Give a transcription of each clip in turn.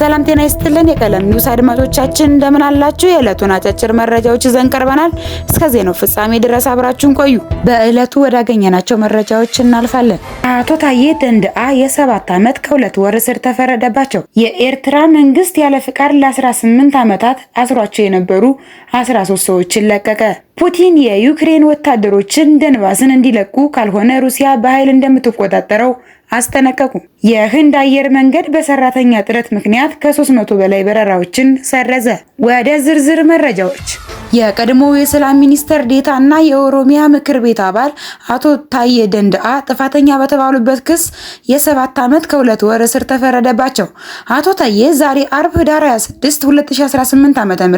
ሰላም ጤና ይስጥልን። የቀለም ኒውስ አድማጮቻችን እንደምን አላችሁ? የዕለቱን አጫጭር መረጃዎች ይዘን ቀርበናል። እስከ ዜናው ፍጻሜ ድረስ አብራችሁን ቆዩ። በዕለቱ ወዳገኘናቸው መረጃዎች እናልፋለን። አቶ ታዬ ደንደአ የሰባት ዓመት ከሁለት ወር እስር ተፈረደባቸው። የኤርትራ መንግስት ያለ ፍቃድ ለ18 ዓመታት አስሯቸው የነበሩ 13 ሰዎችን ለቀቀ። ፑቲን የዩክሬን ወታደሮችን ደንባስን እንዲለቁ ካልሆነ ሩሲያ በኃይል እንደምትቆጣጠረው አስጠነቀቁ። የህንድ አየር መንገድ በሰራተኛ ጥረት ምክንያት ከ300 በላይ በረራዎችን ሰረዘ። ወደ ዝርዝር መረጃዎች የቀድሞው የሰላም ሚኒስተር ዴታ እና የኦሮሚያ ምክር ቤት አባል አቶ ታዬ ደንደአ ጥፋተኛ በተባሉበት ክስ የሰባት ዓመት ከሁለት ወር እስር ተፈረደባቸው። አቶ ታዬ ዛሬ አርብ ህዳር 26 2018 ዓ.ም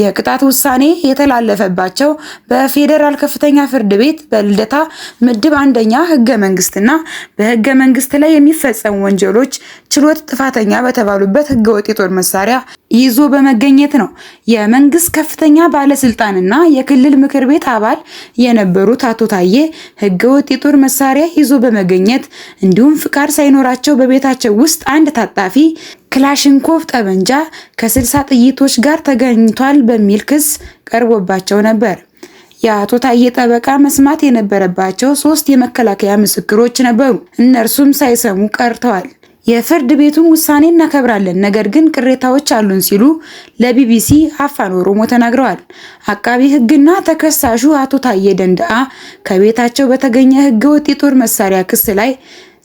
የቅጣት ውሳኔ የተላለፈባቸው በፌዴራል ከፍተኛ ፍርድ ቤት በልደታ ምድብ አንደኛ ህገ መንግስትና በህገ መንግስት ላይ የሚፈጸሙ ወንጀሎች ችሎት ጥፋተኛ በተባሉበት ህገወጥ የጦር መሳሪያ ይዞ በመገኘት ነው። የመንግስት ከፍተኛ ባለስልጣንና የክልል ምክር ቤት አባል የነበሩት አቶ ታዬ ህገወጥ የጦር መሳሪያ ይዞ በመገኘት እንዲሁም ፍቃድ ሳይኖራቸው በቤታቸው ውስጥ አንድ ታጣፊ ክላሽንኮቭ ጠመንጃ ከስልሳ ጥይቶች ጋር ተገኝቷል በሚል ክስ ቀርቦባቸው ነበር። የአቶ ታዬ ጠበቃ መስማት የነበረባቸው ሶስት የመከላከያ ምስክሮች ነበሩ። እነርሱም ሳይሰሙ ቀርተዋል። የፍርድ ቤቱን ውሳኔ እናከብራለን፣ ነገር ግን ቅሬታዎች አሉን ሲሉ ለቢቢሲ አፋን ኦሮሞ ተናግረዋል። አቃቢ ሕግና ተከሳሹ አቶ ታዬ ደንደአ ከቤታቸው በተገኘ ሕገወጥ የጦር መሳሪያ ክስ ላይ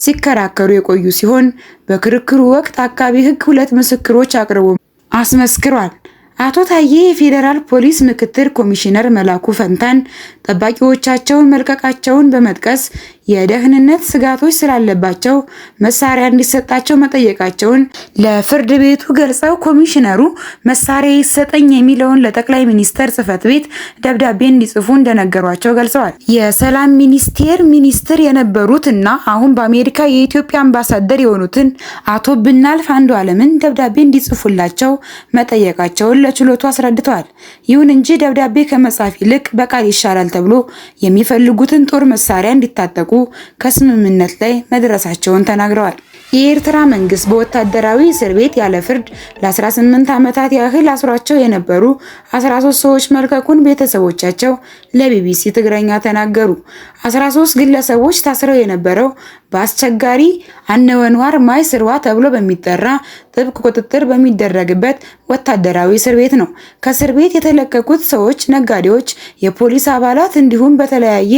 ሲከራከሩ የቆዩ ሲሆን በክርክሩ ወቅት አቃቢ ሕግ ሁለት ምስክሮች አቅርቦ አስመስክሯል። አቶ ታዬ የፌዴራል ፖሊስ ምክትል ኮሚሽነር መላኩ ፈንታን ጠባቂዎቻቸውን መልቀቃቸውን በመጥቀስ የደህንነት ስጋቶች ስላለባቸው መሳሪያ እንዲሰጣቸው መጠየቃቸውን ለፍርድ ቤቱ ገልጸው ኮሚሽነሩ መሳሪያ ይሰጠኝ የሚለውን ለጠቅላይ ሚኒስተር ጽህፈት ቤት ደብዳቤ እንዲጽፉ እንደነገሯቸው ገልጸዋል። የሰላም ሚኒስቴር ሚኒስትር የነበሩት እና አሁን በአሜሪካ የኢትዮጵያ አምባሳደር የሆኑትን አቶ ብናልፍ አንዱ አለምን ደብዳቤ እንዲጽፉላቸው መጠየቃቸውን ለችሎቱ አስረድተዋል። ይሁን እንጂ ደብዳቤ ከመጻፍ ይልቅ በቃል ይሻላል ተብሎ የሚፈልጉትን ጦር መሳሪያ እንዲታጠቁ እንዲለቁ ከስምምነት ላይ መድረሳቸውን ተናግረዋል። የኤርትራ መንግስት በወታደራዊ እስር ቤት ያለ ፍርድ ለ18 ዓመታት ያህል አስሯቸው የነበሩ 13 ሰዎች መልቀቁን ቤተሰቦቻቸው ለቢቢሲ ትግረኛ ተናገሩ። 13 ግለሰቦች ታስረው የነበረው በአስቸጋሪ አነወንዋር ማይ ስርዋ ተብሎ በሚጠራ ጥብቅ ቁጥጥር በሚደረግበት ወታደራዊ እስር ቤት ነው። ከእስር ቤት የተለቀቁት ሰዎች ነጋዴዎች፣ የፖሊስ አባላት እንዲሁም በተለያየ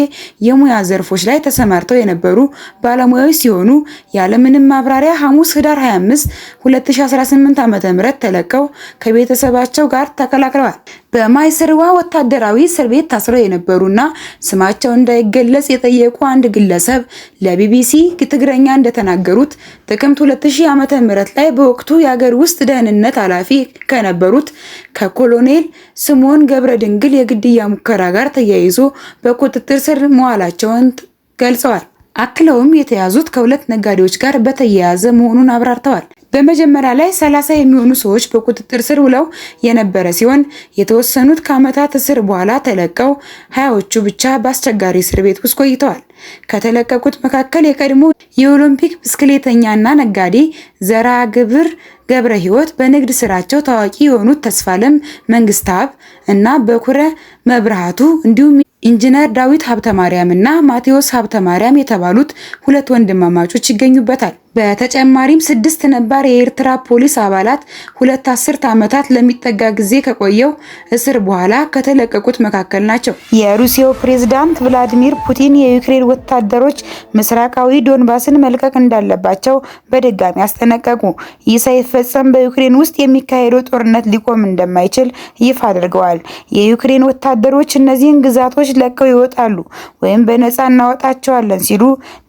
የሙያ ዘርፎች ላይ ተሰማርተው የነበሩ ባለሙያዎች ሲሆኑ ያለምንም ማብራሪያ ሐሙስ ህዳር 25 2018 ዓ.ም ተለቀው ከቤተሰባቸው ጋር ተቀላቅለዋል። በማይሰርዋ ወታደራዊ እስር ቤት ታስረው የነበሩና ስማቸው እንዳይገለጽ የጠየቁ አንድ ግለሰብ ለቢቢሲ ትግረኛ እንደተናገሩት ጥቅምት 2000 ዓመተ ምህረት ላይ በወቅቱ የሀገር ውስጥ ደህንነት ኃላፊ ከነበሩት ከኮሎኔል ስምዖን ገብረ ድንግል የግድያ ሙከራ ጋር ተያይዞ በቁጥጥር ስር መዋላቸውን ገልጸዋል። አክለውም የተያዙት ከሁለት ነጋዴዎች ጋር በተያያዘ መሆኑን አብራርተዋል። በመጀመሪያ ላይ ሰላሳ የሚሆኑ ሰዎች በቁጥጥር ስር ውለው የነበረ ሲሆን የተወሰኑት ከዓመታት እስር በኋላ ተለቀው ሀያዎቹ ብቻ በአስቸጋሪ እስር ቤት ውስጥ ቆይተዋል። ከተለቀቁት መካከል የቀድሞ የኦሎምፒክ ብስክሌተኛና ነጋዴ ዘራ ግብር ገብረ ሕይወት በንግድ ስራቸው ታዋቂ የሆኑት ተስፋለም መንግስታብ እና በኩረ መብርሃቱ እንዲሁም ኢንጂነር ዳዊት ሀብተማርያም እና ማቴዎስ ሀብተማርያም የተባሉት ሁለት ወንድማማቾች ይገኙበታል። በተጨማሪም ስድስት ነባር የኤርትራ ፖሊስ አባላት ሁለት አስርት ዓመታት ለሚጠጋ ጊዜ ከቆየው እስር በኋላ ከተለቀቁት መካከል ናቸው። የሩሲያው ፕሬዝዳንት ቭላዲሚር ፑቲን የዩክሬን ወታደሮች ምስራቃዊ ዶንባስን መልቀቅ እንዳለባቸው በድጋሚ አስጠነቀቁ። ይህ ሳይፈጸም በዩክሬን ውስጥ የሚካሄደው ጦርነት ሊቆም እንደማይችል ይፋ አድርገዋል። የዩክሬን ወታደሮች እነዚህን ግዛቶች ለቀው ይወጣሉ ወይም በነፃ እናወጣቸዋለን ሲሉ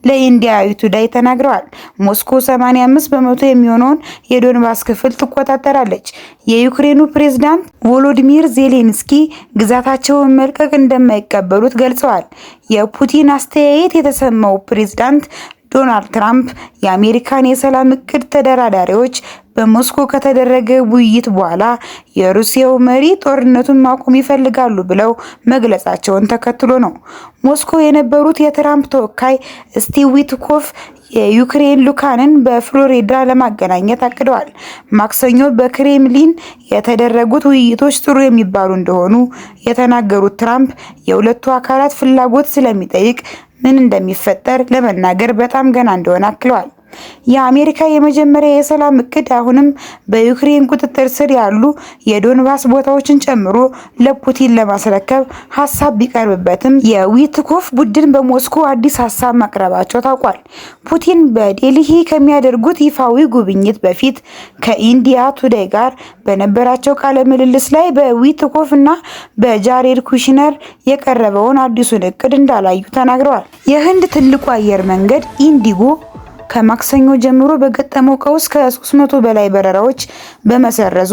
ለኢንዲያ ቱዴይ ተናግረዋል። ሞስኮ 85 በመቶ የሚሆነውን የዶንባስ ክፍል ትቆጣጠራለች። የዩክሬኑ ፕሬዝዳንት ቮሎዲሚር ዜሌንስኪ ግዛታቸውን መልቀቅ እንደማይቀበሉት ገልጸዋል። የፑቲን አስተያየት የተሰማው ፕሬዝዳንት ዶናልድ ትራምፕ የአሜሪካን የሰላም እቅድ ተደራዳሪዎች በሞስኮ ከተደረገ ውይይት በኋላ የሩሲያው መሪ ጦርነቱን ማቆም ይፈልጋሉ ብለው መግለጻቸውን ተከትሎ ነው። ሞስኮ የነበሩት የትራምፕ ተወካይ ስቲዊትኮፍ የዩክሬን ሉካንን በፍሎሪዳ ለማገናኘት አቅደዋል። ማክሰኞ በክሬምሊን የተደረጉት ውይይቶች ጥሩ የሚባሉ እንደሆኑ የተናገሩት ትራምፕ የሁለቱ አካላት ፍላጎት ስለሚጠይቅ ምን እንደሚፈጠር ለመናገር በጣም ገና እንደሆነ አክለዋል። የአሜሪካ የመጀመሪያ የሰላም እቅድ አሁንም በዩክሬን ቁጥጥር ስር ያሉ የዶንባስ ቦታዎችን ጨምሮ ለፑቲን ለማስረከብ ሀሳብ ቢቀርብበትም የዊትኮፍ ቡድን በሞስኮ አዲስ ሀሳብ ማቅረባቸው ታውቋል። ፑቲን በዴልሂ ከሚያደርጉት ይፋዊ ጉብኝት በፊት ከኢንዲያ ቱዴይ ጋር በነበራቸው ቃለ ምልልስ ላይ በዊትኮፍ እና በጃሬድ ኩሽነር የቀረበውን አዲሱን እቅድ እንዳላዩ ተናግረዋል። የህንድ ትልቁ አየር መንገድ ኢንዲጎ ከማክሰኞ ጀምሮ በገጠመው ቀውስ ከ300 በላይ በረራዎች በመሰረዙ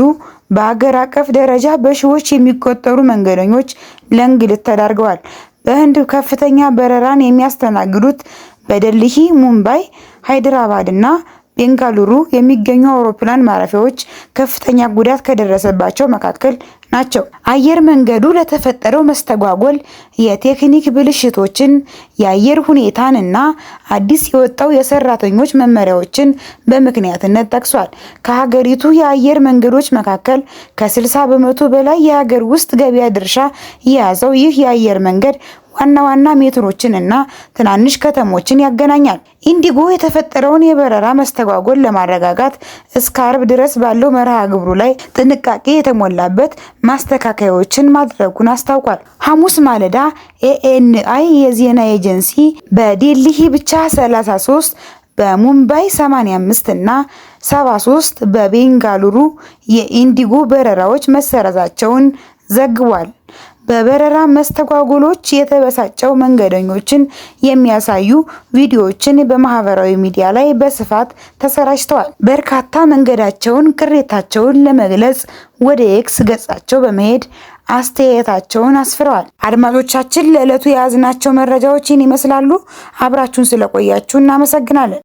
በሀገር አቀፍ ደረጃ በሺዎች የሚቆጠሩ መንገደኞች ለእንግልት ተዳርገዋል። በህንድ ከፍተኛ በረራን የሚያስተናግዱት በደልሂ፣ ሙምባይ፣ ሃይድራባድ እና ቤንጋሉሩ የሚገኙ አውሮፕላን ማረፊያዎች ከፍተኛ ጉዳት ከደረሰባቸው መካከል ናቸው። አየር መንገዱ ለተፈጠረው መስተጓጎል የቴክኒክ ብልሽቶችን፣ የአየር ሁኔታን እና አዲስ የወጣው የሰራተኞች መመሪያዎችን በምክንያትነት ጠቅሷል። ከሀገሪቱ የአየር መንገዶች መካከል ከ60 በመቶ በላይ የሀገር ውስጥ ገበያ ድርሻ የያዘው ይህ የአየር መንገድ ዋና ዋና ሜትሮችን እና ትናንሽ ከተሞችን ያገናኛል። ኢንዲጎ የተፈጠረውን የበረራ መስተጓጎል ለማረጋጋት እስከ አርብ ድረስ ባለው መርሃ ግብሩ ላይ ጥንቃቄ የተሞላበት ማስተካከያዎችን ማድረጉን አስታውቋል። ሐሙስ ማለዳ ኤኤንአይ የዜና ኤጀንሲ በዴልሂ ብቻ 33 በሙምባይ 85 እና 73 በቤንጋሉሩ የኢንዲጎ በረራዎች መሰረዛቸውን ዘግቧል። በበረራ መስተጓጎሎች የተበሳጨው መንገደኞችን የሚያሳዩ ቪዲዮዎችን በማህበራዊ ሚዲያ ላይ በስፋት ተሰራጭተዋል። በርካታ መንገዳቸውን ቅሬታቸውን ለመግለጽ ወደ ኤክስ ገጻቸው በመሄድ አስተያየታቸውን አስፍረዋል። አድማጮቻችን ለዕለቱ የያዝናቸው መረጃዎች ይህን ይመስላሉ። አብራችሁን ስለቆያችሁ እናመሰግናለን።